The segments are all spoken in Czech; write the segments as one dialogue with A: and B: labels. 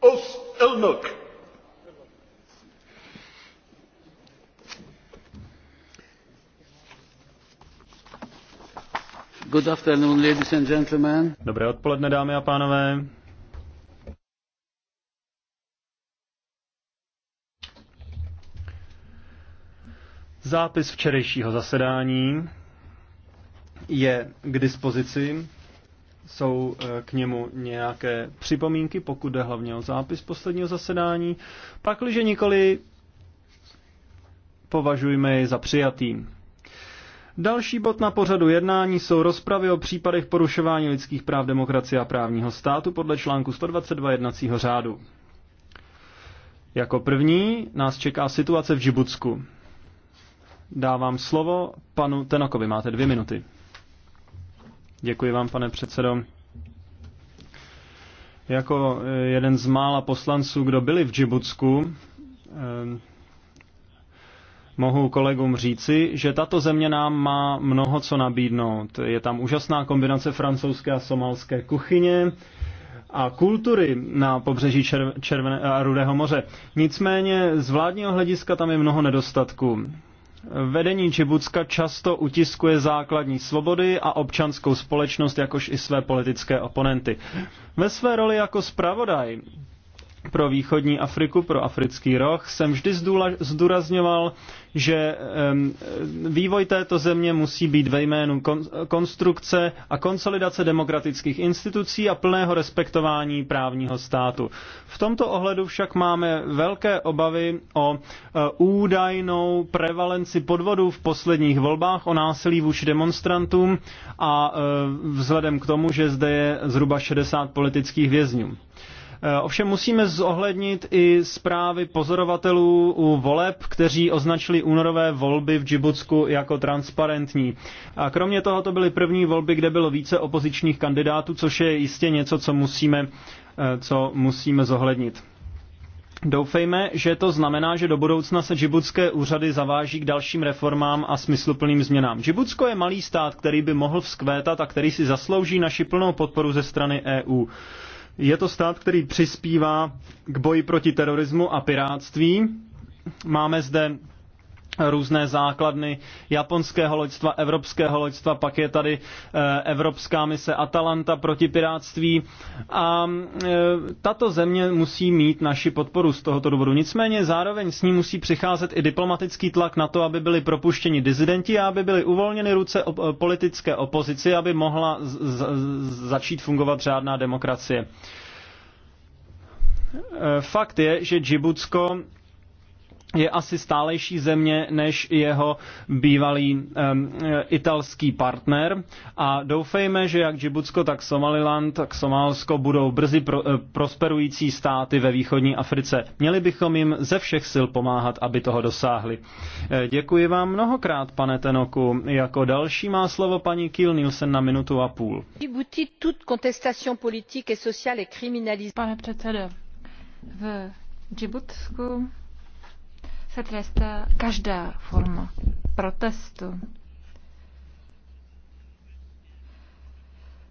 A: Os Dobré odpoledne, dámy a pánové. Zápis včerejšího zasedání je k dispozici jsou eh, k němu nějaké připomínky, pokud jde hlavně o zápis posledního zasedání. Pakliže nikoli, považujme je za přijatý. Další bod na pořadu jednání jsou rozpravy o případech porušování lidských práv demokracie a právního státu podle článku 122 jednacího řádu. Jako první nás čeká situace v Žibucku. Dávám slovo panu Tenokovi. Máte dvě minuty. Děkuji vám, pane předsedo. Jako eh, jeden z mála poslanců, kdo byli v Džibutsku, eh, mohu kolegům říci, že tato země nám má mnoho co nabídnout. Je tam úžasná kombinace francouzské a somalské kuchyně a kultury na pobřeží Červené a Rudého moře. Nicméně z vládního hlediska tam je mnoho nedostatků. Vedení Čibucka často utiskuje základní svobody a občanskou společnost, jakož i své politické oponenty. Ve své roli jako zpravodaj pro východní Afriku, pro africký roh, jsem vždy zdůrazňoval, že vývoj této země musí být ve jménu konstrukce a konsolidace demokratických institucí a plného respektování právního státu. V tomto ohledu však máme velké obavy o eh, údajnou prevalenci podvodů v posledních volbách, o násilí vůči demonstrantům a eh, vzhledem k tomu, že zde je zhruba 60 politických vězňů. Eh, ovšem musíme zohlednit i zprávy pozorovatelů u voleb, kteří označili únorové volby v Džibutsku jako transparentní. A kromě toho to byly první volby, kde bylo více opozičních kandidátů, což je jistě něco, co musíme, eh, co musíme zohlednit. Doufejme, že to znamená, že do budoucna se džibutské úřady zaváží k dalším reformám a smysluplným změnám. Džibutsko je malý stát, který by mohl vzkvétat a který si zaslouží naši plnou podporu ze strany EU. Je to stát, který přispívá k boji proti terorismu a pirátství. Máme zde různé základny japonského loďstva, evropského loďstva, pak je tady eh, evropská mise Atalanta proti piráctví a eh, tato země musí mít naši podporu z tohoto důvodu. Nicméně zároveň s ní musí přicházet i diplomatický tlak na to, aby byli propuštěni dizidenti a aby byly uvolněny ruce eh, politické opozici, aby mohla začít fungovat řádná demokracie. Fakt je, že Džibutsko je asi stálejší země než jeho bývalý um, italský partner a doufejme, že jak Džibutsko, tak Somaliland, tak Somálsko budou brzy pro, uh, prosperující státy ve východní Africe. Měli bychom jim ze všech sil pomáhat, aby toho dosáhli. Eh, děkuji vám mnohokrát, pane Tenoku. Jako další má slovo paní Kiel Nielsen na minutu a půl.
B: Pane předsedo, v Džibutsku se trestá eh, každá forma protestu.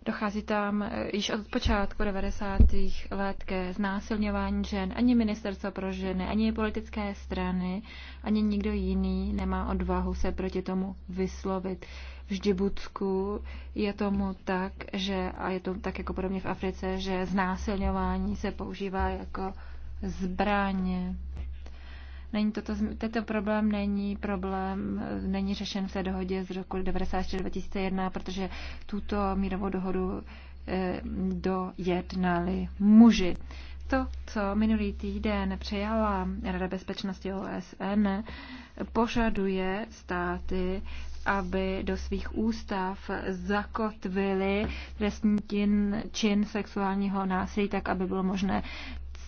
B: Dochází tam eh, již od počátku 90. let ke znásilňování žen. Ani ministerstvo pro ženy, ani politické strany, ani nikdo jiný nemá odvahu se proti tomu vyslovit. V Ždibutsku je tomu tak, že, a je to tak jako podobně v Africe, že znásilňování se používá jako zbraně. Není toto, tento problém není problém, není řešen v té dohodě z roku 1994-2001, protože tuto mírovou dohodu eh, dojednali muži. To, co minulý týden přijala Rada bezpečnosti OSN, požaduje státy, aby do svých ústav zakotvili trestní čin sexuálního násilí, tak aby bylo možné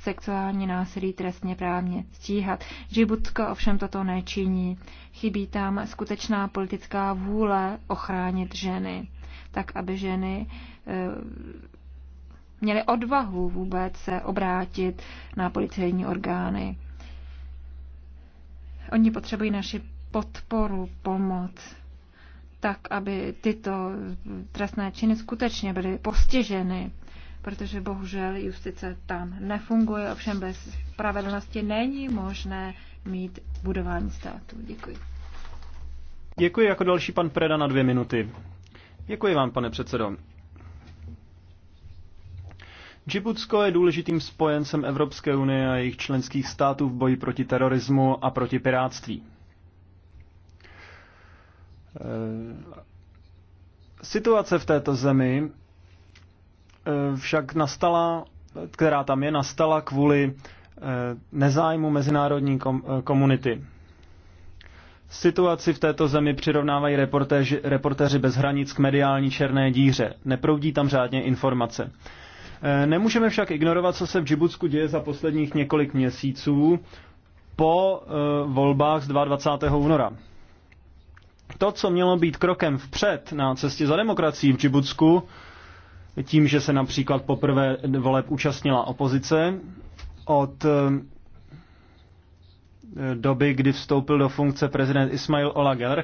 B: sexuální násilí trestně právně stíhat. Žibutsko ovšem toto nečiní. Chybí tam skutečná politická vůle ochránit ženy, tak aby ženy eh, měly odvahu vůbec se obrátit na policejní orgány. Oni potřebují naši podporu, pomoc, tak aby tyto trestné činy skutečně byly postiženy protože bohužel justice tam nefunguje, ovšem bez spravedlnosti není možné mít budování státu. Děkuji.
A: Děkuji jako další pan Preda na dvě minuty. Děkuji vám, pane předsedo. Džibutsko je důležitým spojencem Evropské unie a jejich členských států v boji proti terorismu a proti piráctví. Eh, situace v této zemi Eh, však nastala, která tam je, nastala kvůli eh, nezájmu mezinárodní eh, komunity. Situaci v této zemi přirovnávají reportéři, reportéři bez hranic k mediální černé díře. Neproudí tam řádně informace. Nemůžeme však ignorovat, co se v Džibutsku děje za posledních několik měsíců po volbách z 22. února. To, co mělo být krokem vpřed na cestě za demokracií v Džibutsku, tím, že se například poprvé voleb účastnila opozice od eh, doby, kdy vstoupil do funkce prezident Ismail Olager, eh,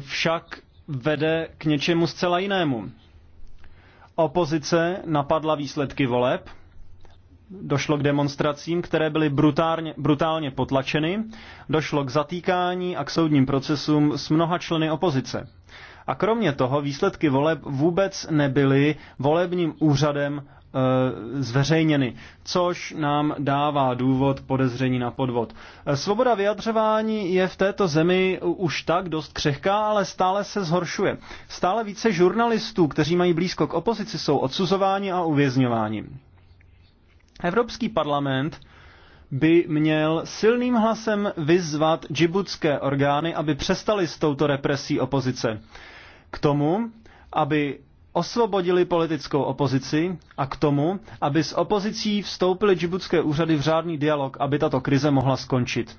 A: však vede k něčemu zcela jinému. Opozice napadla výsledky voleb, došlo k demonstracím, které byly brutálně, brutálně potlačeny, došlo k zatýkání a k soudním procesům s mnoha členy opozice. A kromě toho výsledky voleb vůbec nebyly volebním úřadem e, zveřejněny, což nám dává důvod podezření na podvod. E, svoboda vyjadřování je v této zemi už tak dost křehká, ale stále se zhoršuje. Stále více žurnalistů, kteří mají blízko k opozici, jsou odsuzováni a uvězňováni. Evropský parlament by měl silným hlasem vyzvat džibutské orgány, aby přestali s touto represí opozice k tomu, aby osvobodili politickou opozici a k tomu, aby s opozicí vstoupily džibutské úřady v řádný dialog, aby tato krize mohla skončit.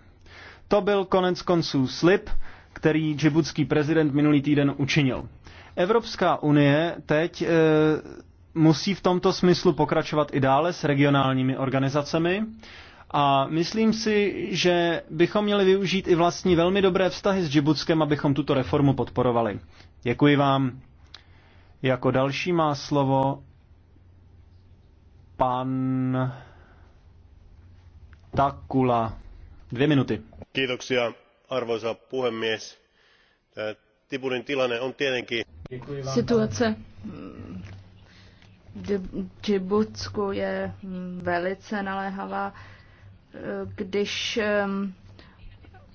A: To byl konec konců slib, který džibutský prezident minulý týden učinil. Evropská unie teď e, musí v tomto smyslu pokračovat i dále s regionálními organizacemi a myslím si, že bychom měli využít i vlastní velmi dobré vztahy s Džibutskem, abychom tuto reformu podporovali. Děkuji vám. Jako další má slovo pan Takula. Dvě minuty. Kiitoksia, arvoisa puhemies. Tiburin tilanne on tietenkin... Situace
C: v Džibutsku je mm, velice naléhavá. Když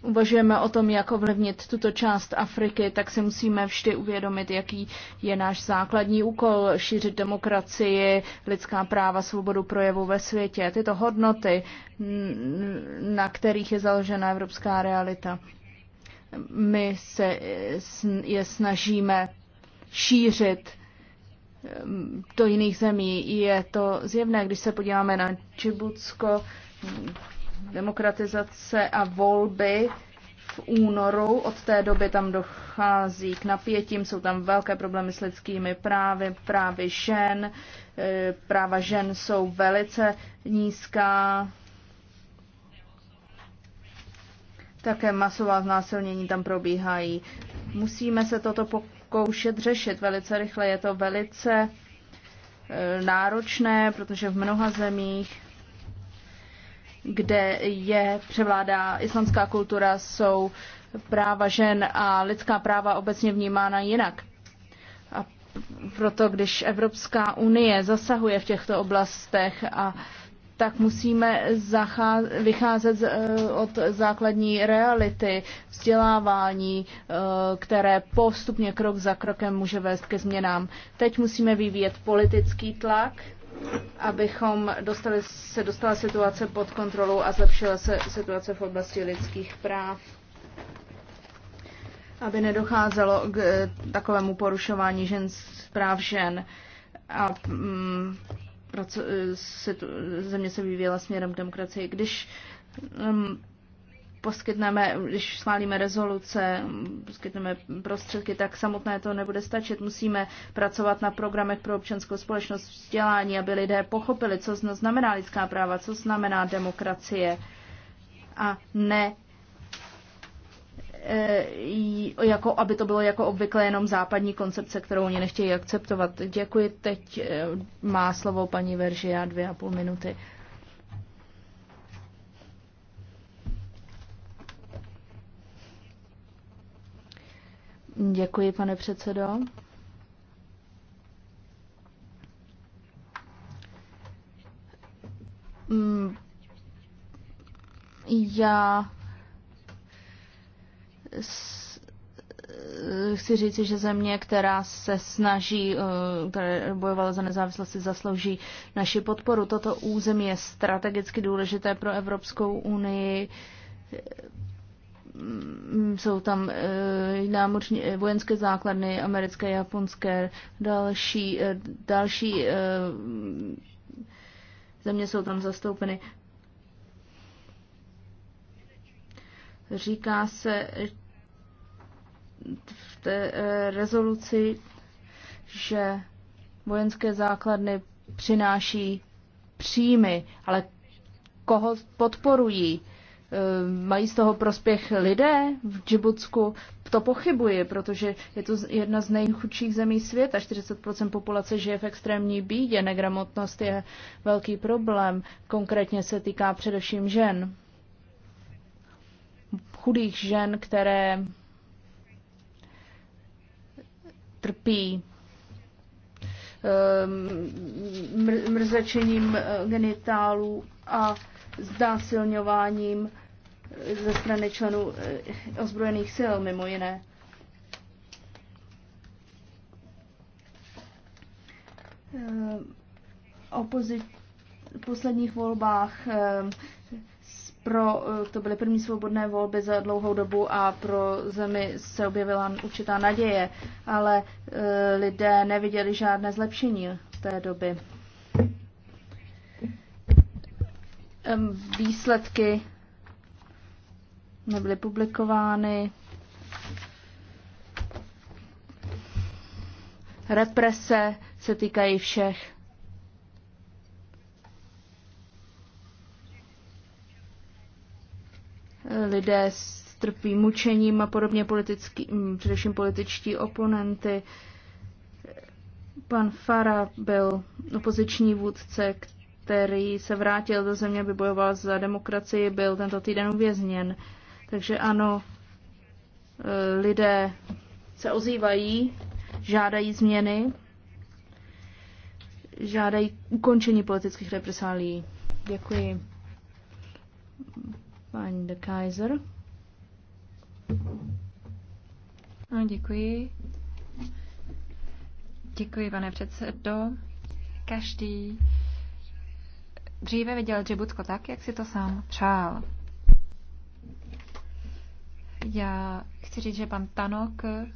C: uvažujeme o tom, jak ovlivnit tuto část Afriky, tak si musíme vždy uvědomit, jaký je náš základní úkol šířit demokracii, lidská práva, svobodu projevu ve světě. Tyto hodnoty, na kterých je založena evropská realita. My se je snažíme šířit mm, do jiných zemí. Je to zjevné, když se podíváme na Čibutsko, demokratizace a volby v únoru. Od té doby tam dochází k napětím, jsou tam velké problémy s lidskými právy, právy žen. E, práva žen jsou velice nízká. Také masová znásilnění tam probíhají. Musíme se toto pokoušet řešit velice rychle. Je to velice e, náročné, protože v mnoha zemích kde je převládá islamská kultura, jsou práva žen a lidská práva obecně vnímána jinak. A proto, když Evropská unie zasahuje v těchto oblastech a tak musíme vycházet e, od základní reality, vzdělávání, e, které postupně krok za krokem může vést ke změnám. Teď musíme vyvíjet politický tlak abychom dostali, se dostala situace pod kontrolou a zlepšila se situace v oblasti lidských práv, aby nedocházelo k eh, takovému porušování žen, práv žen a mm, praco, eh, situ, země se vyvíjela směrem k demokracii. Když mm, poskytneme, když schválíme rezoluce, poskytneme prostředky, tak samotné to nebude stačit. Musíme pracovat na programech pro občanskou společnost vzdělání, aby lidé pochopili, co znamená lidská práva, co znamená demokracie a ne e, jako, aby to bylo jako obvykle jenom západní koncepce, kterou oni nechtějí akceptovat. Děkuji, teď e, má slovo paní Veržia dvě a půl minuty. Děkuji, pane předsedo. Mm, já chci říct, že země, která se snaží, eh, která bojovala za nezávislost, si zaslouží naši podporu. Toto území je strategicky důležité pro Evropskou unii Mm, jsou tam eh, námořní eh, vojenské základny, americké, japonské, další, eh, další země jsou tam zastoupeny. Říká se v té rezoluci, že vojenské základny přináší příjmy, ale koho podporují? Eh, mají z toho prospěch lidé v Džibutsku? To pochybuji, protože je to jedna z nejchudších zemí světa. 40% populace žije v extrémní bídě. Negramotnost je velký problém. Konkrétně se týká především žen. Chudých žen, které trpí eh, mrzečením eh, genitálů a znásilňováním ze strany členů eh, ozbrojených sil, mimo jiné. Eh, opozi- v posledních volbách eh, pro, to byly první svobodné volby za dlouhou dobu a pro zemi se objevila určitá naděje, ale lidé neviděli žádné zlepšení té doby. Výsledky nebyly publikovány. Represe se týkají všech. Lidé strpí mučením a podobně politický, mm, především političtí oponenty. Pan Fara byl opoziční vůdce, který se vrátil do země, aby bojoval za demokracii, byl tento týden uvězněn. Takže ano, eh, lidé se ozývají, žádají změny, žádají ukončení politických represálí. Děkuji.
B: Pani de Kaiser. No, děkuji. Děkuji, pane předsedo. Každý dříve viděl Džibutko tak, jak si to sám přál. Já chci říct, že pan Tanok eh,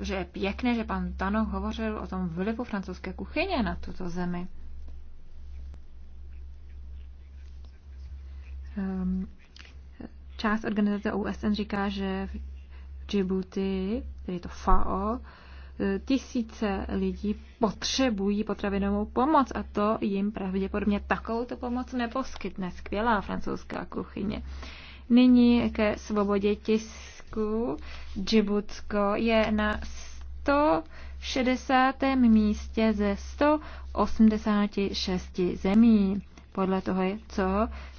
B: že je pěkné, že pan Tanok hovořil o tom vlivu francouzské kuchyně na tuto zemi. Ehm, část organizace OSN říká, že v Djibouti, tedy to FAO, tisíce lidí potřebují potravinovou pomoc a to jim pravděpodobně takovouto pomoc neposkytne. Skvělá francouzská kuchyně. Nyní ke svobodě tisku. Džibutsko je na 160. místě ze 186 zemí podle toho, co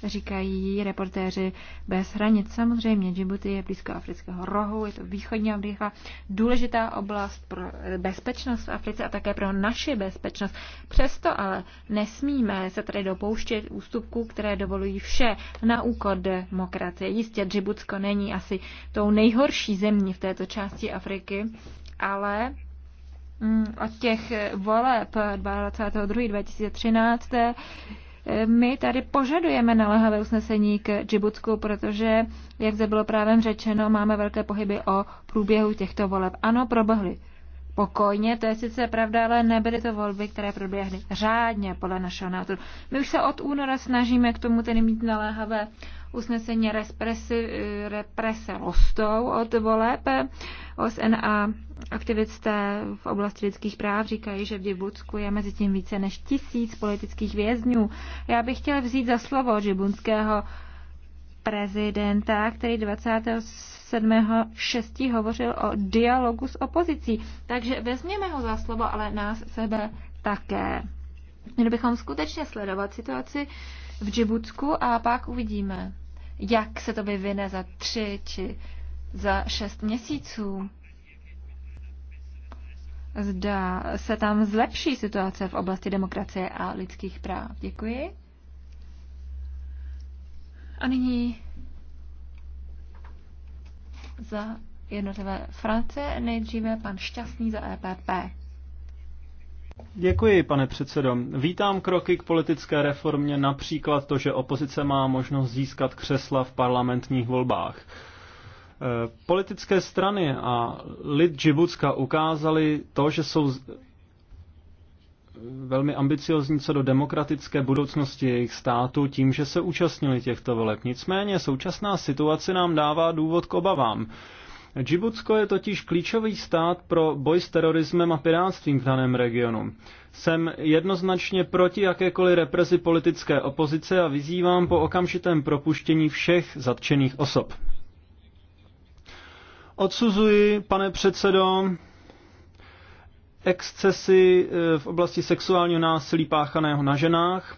B: říkají reportéři bez hranic. Samozřejmě Djibouti je blízko afrického rohu, je to východní Afrika, důležitá oblast pro bezpečnost v Africe a také pro naši bezpečnost. Přesto ale nesmíme se tady dopouštět ústupků, které dovolují vše na úkor demokracie. Jistě Džibutsko není asi tou nejhorší zemí v této části Afriky, ale mm, od těch voleb 22. 2013 my tady požadujeme naléhavé usnesení k Džibutsku, protože, jak zde bylo právě řečeno, máme velké pohyby o průběhu těchto voleb. Ano, proběhly pokojně, to je sice pravda, ale nebyly to volby, které proběhly řádně podle našeho názoru. My už se od února snažíme k tomu tedy mít naléhavé usnesení represi, represe rostou od voleb. OSN a aktivisté v oblasti lidských práv říkají, že v Džibutsku je mezi tím více než tisíc politických vězňů. Já bych chtěla vzít za slovo džibunského prezidenta, který 27.6. hovořil o dialogu s opozicí. Takže vezměme ho za slovo, ale nás sebe také. Měli bychom skutečně sledovat situaci v Džibutsku a pak uvidíme jak se to vyvine za tři či za šest měsíců. Zda se tam zlepší situace v oblasti demokracie a lidských práv. Děkuji. A nyní za jednotlivé Francie, nejdříve pan Šťastný za EPP.
A: Děkuji, pane předsedo. Vítám kroky k politické reformě, například to, že opozice má možnost získat křesla v parlamentních volbách. E, politické strany a lid Džibutska ukázali to, že jsou velmi ambiciozní co do demokratické budoucnosti jejich státu tím, že se účastnili těchto voleb. Nicméně současná situace nám dává důvod k obavám. Džibutsko je totiž klíčový stát pro boj s terorismem a pirátstvím v daném regionu. Jsem jednoznačně proti jakékoliv represi politické opozice a vyzývám po okamžitém propuštění všech zatčených osob. Odsuzuji, pane předsedo, excesy eh, v oblasti sexuálního násilí páchaného na ženách.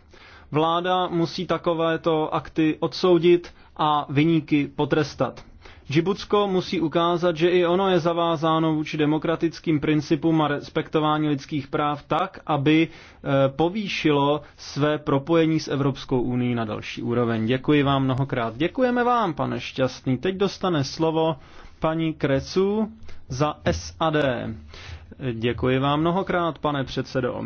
A: Vláda musí takovéto akty odsoudit a vyníky potrestat. Džibutsko musí ukázat, že i ono je zavázáno vůči demokratickým principům a respektování lidských práv tak, aby eh, povýšilo své propojení s Evropskou unii na další úroveň. Děkuji vám mnohokrát. Děkujeme vám, pane Šťastný. Teď dostane slovo paní Krecu za SAD. Děkuji vám mnohokrát, pane předsedo.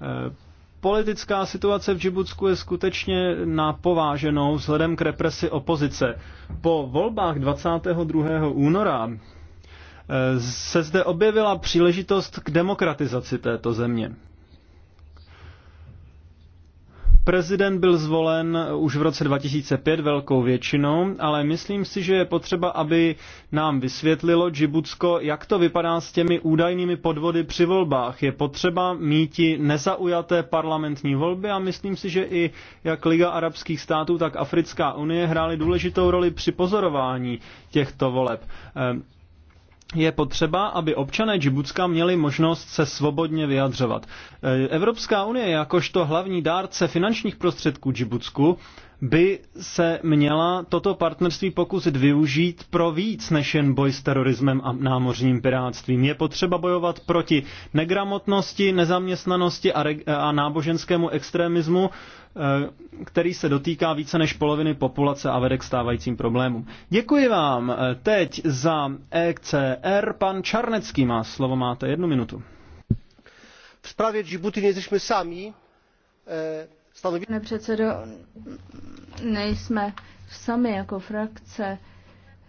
A: Eh, politická situace v Džibutsku je skutečně napováženou vzhledem k represi opozice. Po volbách 22. února eh, se zde objevila příležitost k demokratizaci této země. Prezident byl zvolen uh, už v roce 2005 velkou většinou, ale myslím si, že je potřeba, aby nám vysvětlilo Džibutsko, jak to vypadá s těmi údajnými podvody při volbách. Je potřeba mít nezaujaté parlamentní volby a myslím si, že i jak Liga arabských států, tak Africká unie hrály důležitou roli při pozorování těchto voleb. Ehm, je potřeba, aby občané Džibutska měli možnost se svobodně vyjadřovat. E, Evropská unie jakožto hlavní dárce finančních prostředků Džibutsku by se měla toto partnerství pokusit využít pro víc než jen boj s terorismem a námořním pirátstvím. Je potřeba bojovat proti negramotnosti, nezaměstnanosti a, a náboženskému extremismu, eh, který se dotýká více než poloviny populace a vede k stávajícím problémům. Děkuji vám eh, teď za ECR. Pan Čarnecký má slovo, máte jednu minutu. V zprávě Džibuty nejsme sami. E stanoví... Pane předsedo,
C: nejsme sami jako frakce,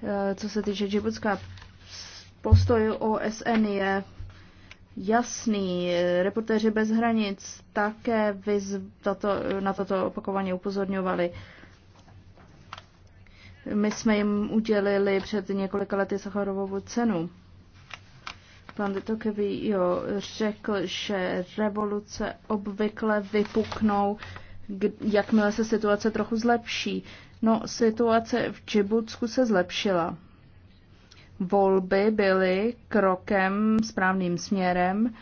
C: eh, co se týče Džibutská postoj OSN je jasný. Reportéři bez hranic také tato, na toto opakovaně upozorňovali. My jsme jim udělili před několika lety Sacharovovu cenu. Atlanty Tokevio řekl, že revoluce obvykle vypuknou, jakmile se situace trochu zlepší. No, situace v Džibutsku se zlepšila. Volby byly krokem správným směrem,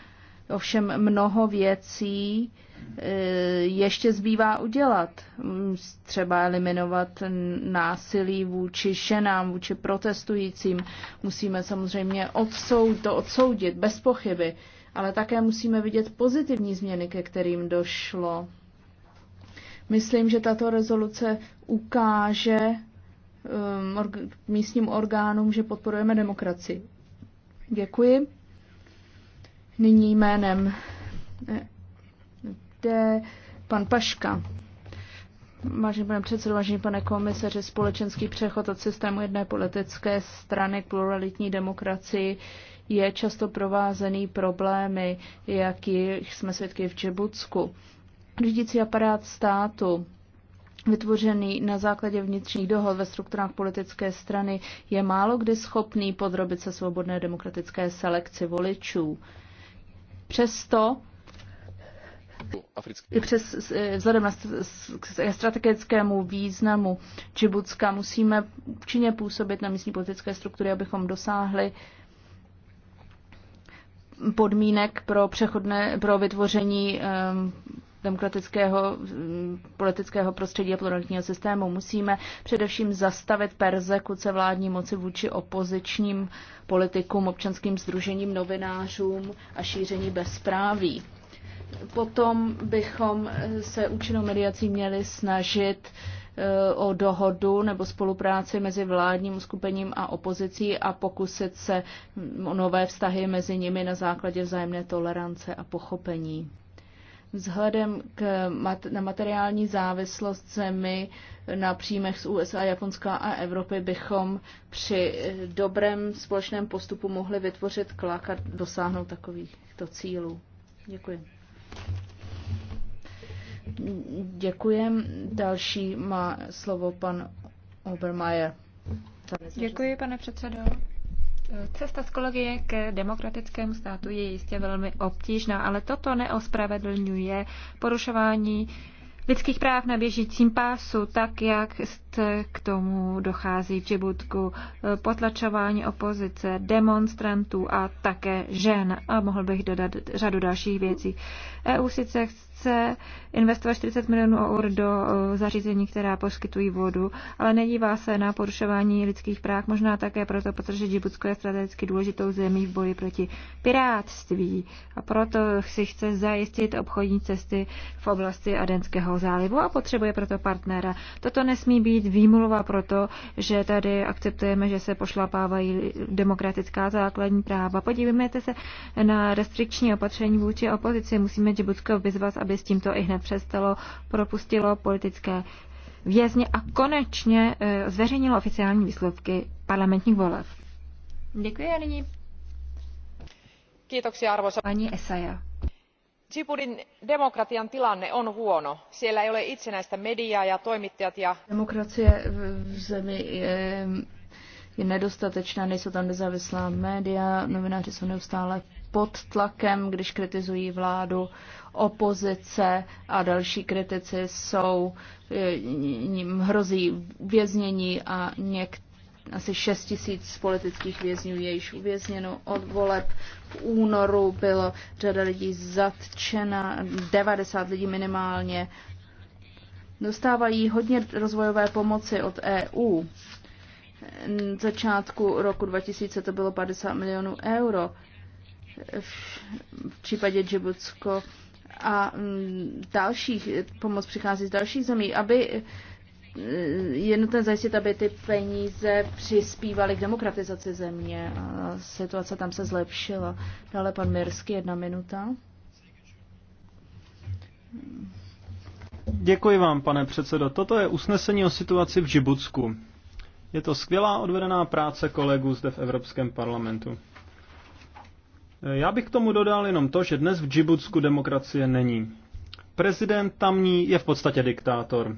C: Ovšem mnoho věcí e, ještě zbývá udělat. Mm, třeba eliminovat násilí vůči ženám, vůči protestujícím. Musíme samozřejmě odsoud, to odsoudit, bez pochyby. Ale také musíme vidět pozitivní změny, ke kterým došlo. Myslím, že tato rezoluce ukáže um, místním orgánům, že podporujeme demokracii. Děkuji. Nyní jménem eh, D. Pan Paška. Vážený pane předsedo, vážený pane komisaři, společenský přechod od systému jedné politické strany k pluralitní demokracii je často provázený problémy, jakých jsme svědky v Čebucku. Řídící aparát státu vytvořený na základě vnitřních dohod ve strukturách politické strany je málo kdy schopný podrobit se svobodné demokratické selekci voličů. Přesto i přes, eh, vzhledem na strategickému významu Čibucka musíme účinně působit na místní politické struktury, abychom dosáhli podmínek pro, přechodné, pro vytvoření um, demokratického politického prostředí a pluralitního systému. Musíme především zastavit persekuce vládní moci vůči opozičním politikům, občanským združením, novinářům a šíření bezpráví. Potom bychom se účinnou mediací měli snažit eh, o dohodu nebo spolupráci mezi vládním skupením a opozicí a pokusit se o nové vztahy mezi nimi na základě vzájemné tolerance a pochopení. Vzhledem k mat- na materiální závislost zemi na příjmech z USA, Japonska a Evropy bychom při dobrém společném postupu mohli vytvořit klak a dosáhnout takovýchto cílů. Děkuji. Děkujem. Další má slovo pan Obermeier. Děkuji,
B: pane předsedo. Cesta z kolegie k demokratickému státu je jistě velmi obtížná, ale toto neospravedlňuje porušování lidských práv na běžícím pásu, tak jak k tomu dochází v Džibutku, potlačování opozice, demonstrantů a také žen. A mohl bych dodat řadu dalších věcí. EU sice chce investovat 40 milionů eur do e, zařízení, která poskytují vodu, ale nedívá se na porušování lidských práv, možná také proto, protože Džibutsko je strategicky důležitou zemí v boji proti pirátství a proto si chce zajistit obchodní cesty v oblasti Adenského zálivu a potřebuje proto partnera. Toto nesmí být výmluva proto, že tady akceptujeme, že se pošlapávají demokratická základní práva. Podívejte se na restrikční opatření vůči opozici. Musíme Džibutsko vyzvat, aby s tímto i hned přestalo, propustilo politické vězně a konečně eh, zveřejnilo oficiální výsledky parlamentních voleb. Děkuji a nyní. Kiitoksia arvoisa. Pani Esaja
C: djiboutin demokratian tilanne on huono siellä ei ole itsenäistä mediaa ja toimittajat ja. demokracie v zemi je, je nedostatečná nejsou tam nezávislá média novináři jsou neustále pod tlakem když kritizují vládu opozice a další kritici jsou jim hrozí věznění a někteří asi 6 tisíc politických vězňů je již uvězněno od voleb. V únoru bylo řada lidí zatčena, 90 lidí minimálně. Dostávají hodně rozvojové pomoci od EU. Na začátku roku 2000 to bylo 50 milionů euro. V případě Džibutsko a mm, dalších, pomoc přichází z dalších zemí, aby je nutné zajistit, aby ty peníze přispívaly k demokratizaci země a situace tam se zlepšila. Dále pan Mirsky, jedna minuta.
A: Děkuji vám, pane předsedo. Toto je usnesení o situaci v Džibutsku. Je to skvělá odvedená práce kolegů zde v Evropském parlamentu. Já bych k tomu dodal jenom to, že dnes v Džibutsku demokracie není. Prezident tamní je v podstatě diktátor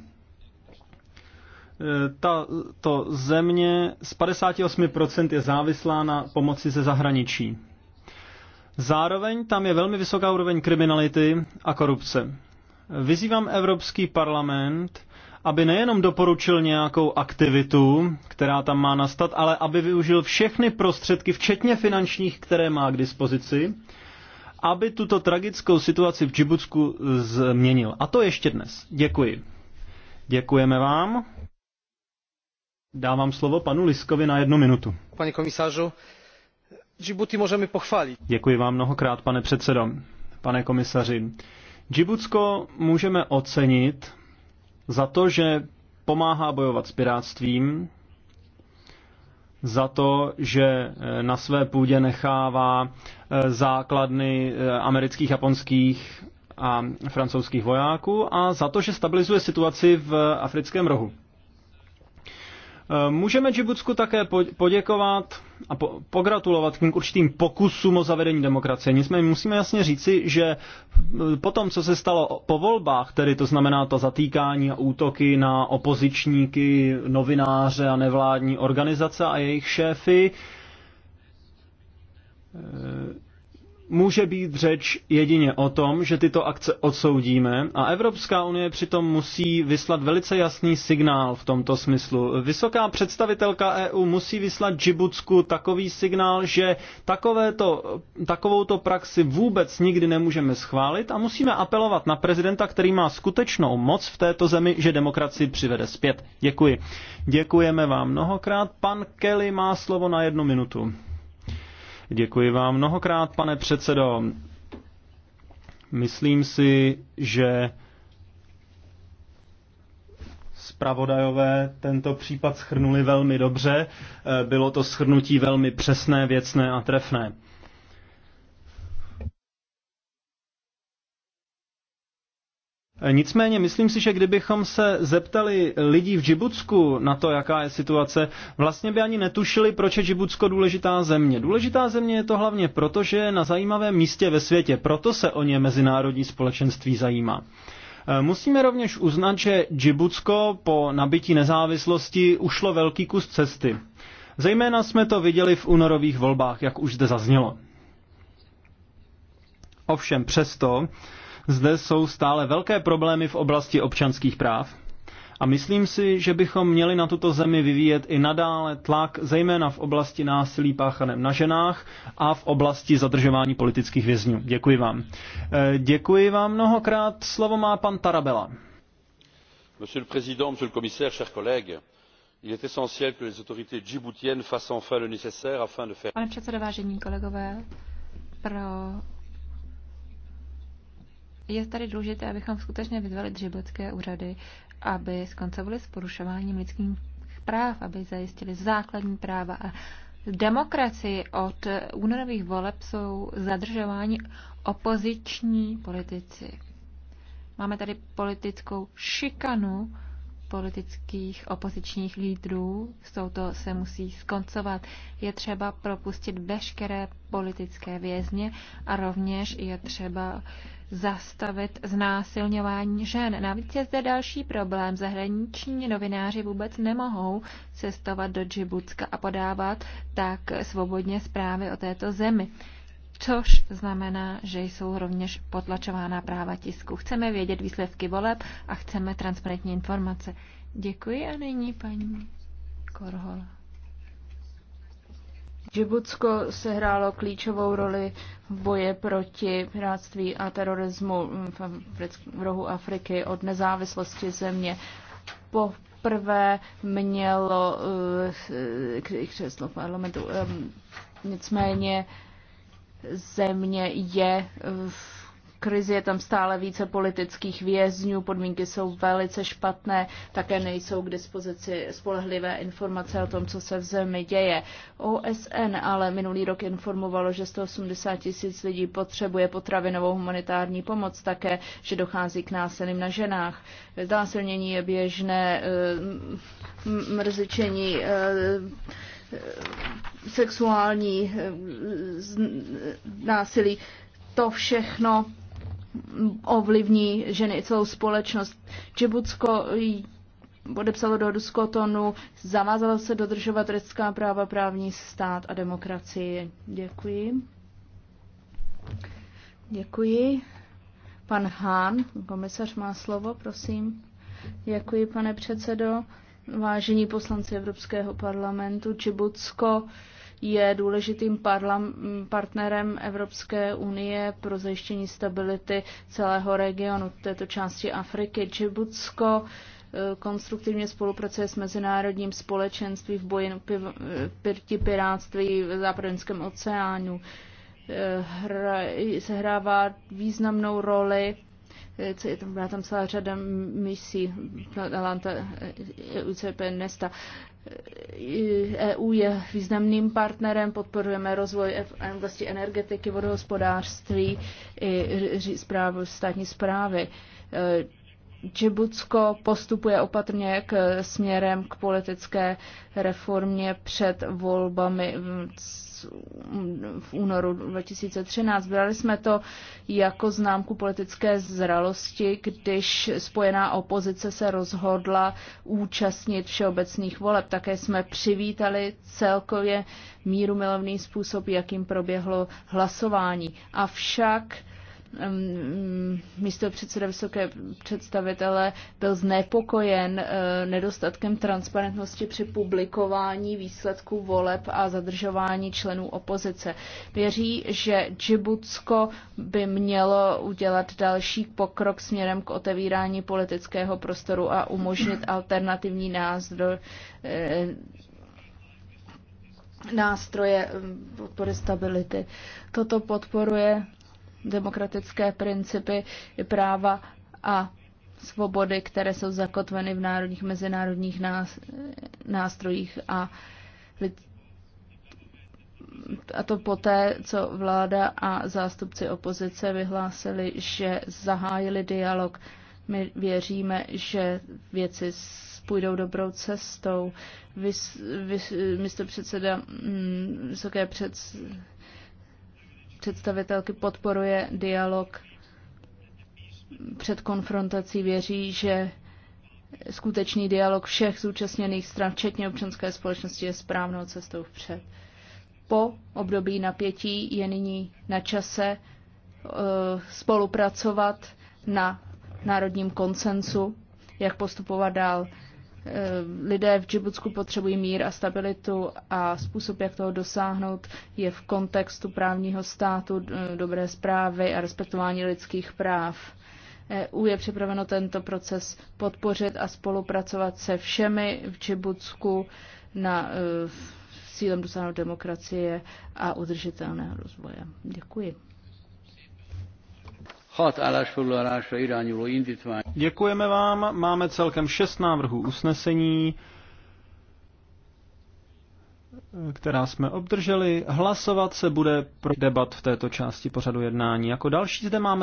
A: ta, to země z 58% je závislá na pomoci ze zahraničí. Zároveň tam je velmi vysoká úroveň kriminality a korupce. Vyzývám Evropský parlament, aby nejenom doporučil nějakou aktivitu, která tam má nastat, ale aby využil všechny prostředky, včetně finančních, které má k dispozici, aby tuto tragickou situaci v Džibutsku změnil. A to ještě dnes. Děkuji. Děkujeme vám. Dávám slovo panu Liskovi na jednu minutu. Pane komisařu, Džibuti můžeme pochválit. Děkuji vám mnohokrát, pane předsedo. Pane komisaři, Džibutsko můžeme ocenit za to, že pomáhá bojovat s pirátstvím, za to, že eh, na své půdě nechává eh, základny eh, amerických, japonských a francouzských vojáků a za to, že stabilizuje situaci v africkém rohu. Můžeme Džibutsku také poděkovat a po- pogratulovat k určitým pokusům o zavedení demokracie. Nicméně musíme jasně říci, že eh, po tom, co se stalo po volbách, tedy to znamená to zatýkání a útoky na opozičníky, novináře a nevládní organizace a jejich šéfy, eh, může být řeč jedině o tom, že tyto akce odsoudíme a Evropská unie přitom musí vyslat velice jasný signál v tomto smyslu. Vysoká představitelka EU musí vyslat Džibutsku takový signál, že takovéto, takovouto praxi vůbec nikdy nemůžeme schválit a musíme apelovat na prezidenta, který má skutečnou moc v této zemi, že demokracii přivede zpět. Děkuji. Děkujeme vám mnohokrát. Pan Kelly má slovo na jednu minutu. Děkuji vám mnohokrát, pane předsedo. Myslím si, že zpravodajové tento případ schrnuli velmi dobře. Bylo to schrnutí velmi přesné, věcné a trefné. Nicméně myslím si, že kdybychom se zeptali lidí v Džibutsku na to, jaká je situace, vlastně by ani netušili, proč je Džibutsko důležitá země. Důležitá země je to hlavně proto, že je na zajímavém místě ve světě, proto se o ně mezinárodní společenství zajímá. Eh, musíme rovněž uznat, že Džibutsko po nabití nezávislosti ušlo velký kus cesty. Zejména jsme to viděli v únorových volbách, jak už zde zaznělo. Ovšem přesto, zde jsou stále velké problémy v oblasti občanských práv. A myslím si, že bychom měli na tuto zemi vyvíjet i nadále tlak, zejména v oblasti násilí páchaném na ženách a v oblasti zadržování politických vězňů. Děkuji vám. Eh, děkuji vám mnohokrát. Slovo má pan Tarabela. Monsieur le Président, Monsieur le Commissaire, chers collègues, il est essentiel que les autorités djiboutiennes fassent enfin le nécessaire afin de faire. Pane
B: předsedo, vážení kolegové, pro je tady důležité, abychom skutečně vyzvali dřiblické úřady, aby skoncovali s porušováním lidských práv, aby zajistili základní práva a demokracii od únorových voleb jsou zadržováni opoziční politici. Máme tady politickou šikanu politických opozičních lídrů, s touto se musí skoncovat. Je třeba propustit veškeré politické vězně a rovněž je třeba zastavit znásilňování žen. Navíc je zde další problém. Zahraniční novináři vůbec nemohou cestovat do Džibutska a podávat tak svobodně zprávy o této zemi což znamená, že jsou rovněž potlačována práva tisku. Chceme vědět výsledky voleb a chceme transparentní informace. Děkuji a nyní paní Korhola. Džibutsko
C: sehrálo klíčovou roli v boji proti piráctví a terorismu v, Africk, v rohu Afriky od nezávislosti země. Poprvé mělo eh, křeslo parlamentu. Ehm, nicméně země je v krizi, je tam stále více politických vězňů, podmínky jsou velice špatné, také nejsou k dispozici spolehlivé informace o tom, co se v zemi děje. OSN ale minulý rok informovalo, že 180 tisíc lidí potřebuje potravinovou humanitární pomoc, také, že dochází k násilím na ženách. Znásilnění je běžné, eh, mrzičení eh, sexuální eh, násilí, to všechno ovlivní ženy i celou společnost. Čibucko podepsalo dohodu z Kotonu, zavázalo se dodržovat lidská práva, právní stát a demokracii. Děkuji. Děkuji. Pan Hán, komisař má slovo, prosím. Děkuji, pane předsedo. Vážení poslanci Evropského parlamentu, Čibutsko je důležitým parlam, partnerem Evropské unie pro zajištění stability celého regionu, této části Afriky. Džibutsko eh, konstruktivně spolupracuje s mezinárodním společenstvím v boji proti piráctví v západenském oceánu. Eh, hra, sehrává významnou roli eh, byla tam celá řada misí Atlanta, UCP Nesta. EU e je významným partnerem, podporujeme rozvoj oblasti energetiky, vodohospodářství i zprávu, státní zprávy. E, Džibutsko postupuje opatrně k směrem k politické reformě před volbami v únoru 2013. Brali jsme to jako známku politické zralosti, když spojená opozice se rozhodla účastnit všeobecných voleb. Také jsme přivítali celkově míru milovný způsob, jakým proběhlo hlasování. Avšak místo předseda vysoké představitele byl znepokojen eh, nedostatkem transparentnosti při publikování výsledků voleb a zadržování členů opozice. Věří, že Džibutsko by mělo udělat další pokrok směrem k otevírání politického prostoru a umožnit alternativní názdor, eh, nástroje podpory stability. Toto podporuje demokratické principy, práva a svobody, které jsou zakotveny v národních, mezinárodních nástrojích a a to poté, co vláda a zástupci opozice vyhlásili, že zahájili dialog. My věříme, že věci půjdou dobrou cestou. Vys, vys, místo předseda, mm, vysoké před, představitelky podporuje dialog před konfrontací, věří, že skutečný dialog všech zúčastněných stran, včetně občanské společnosti, je správnou cestou vpřed. Po období napětí je nyní na čase eh, spolupracovat na národním konsensu, jak postupovat dál. Eh, lidé v Džibutsku potřebují mír a stabilitu a způsob, jak toho dosáhnout, je v kontextu právního státu, eh, dobré zprávy a respektování lidských práv. EU je připraveno tento proces podpořit a spolupracovat se všemi v Džibutsku na eh, cílem dosáhnout demokracie a udržitelného rozvoje. Děkuji
A: hat állásfoglalásra irányuló indítvány. Děkujeme vám, máme celkem šest návrhů usnesení, která jsme obdrželi. Hlasovat se bude pro debat v této části pořadu jednání. Jako další zde máme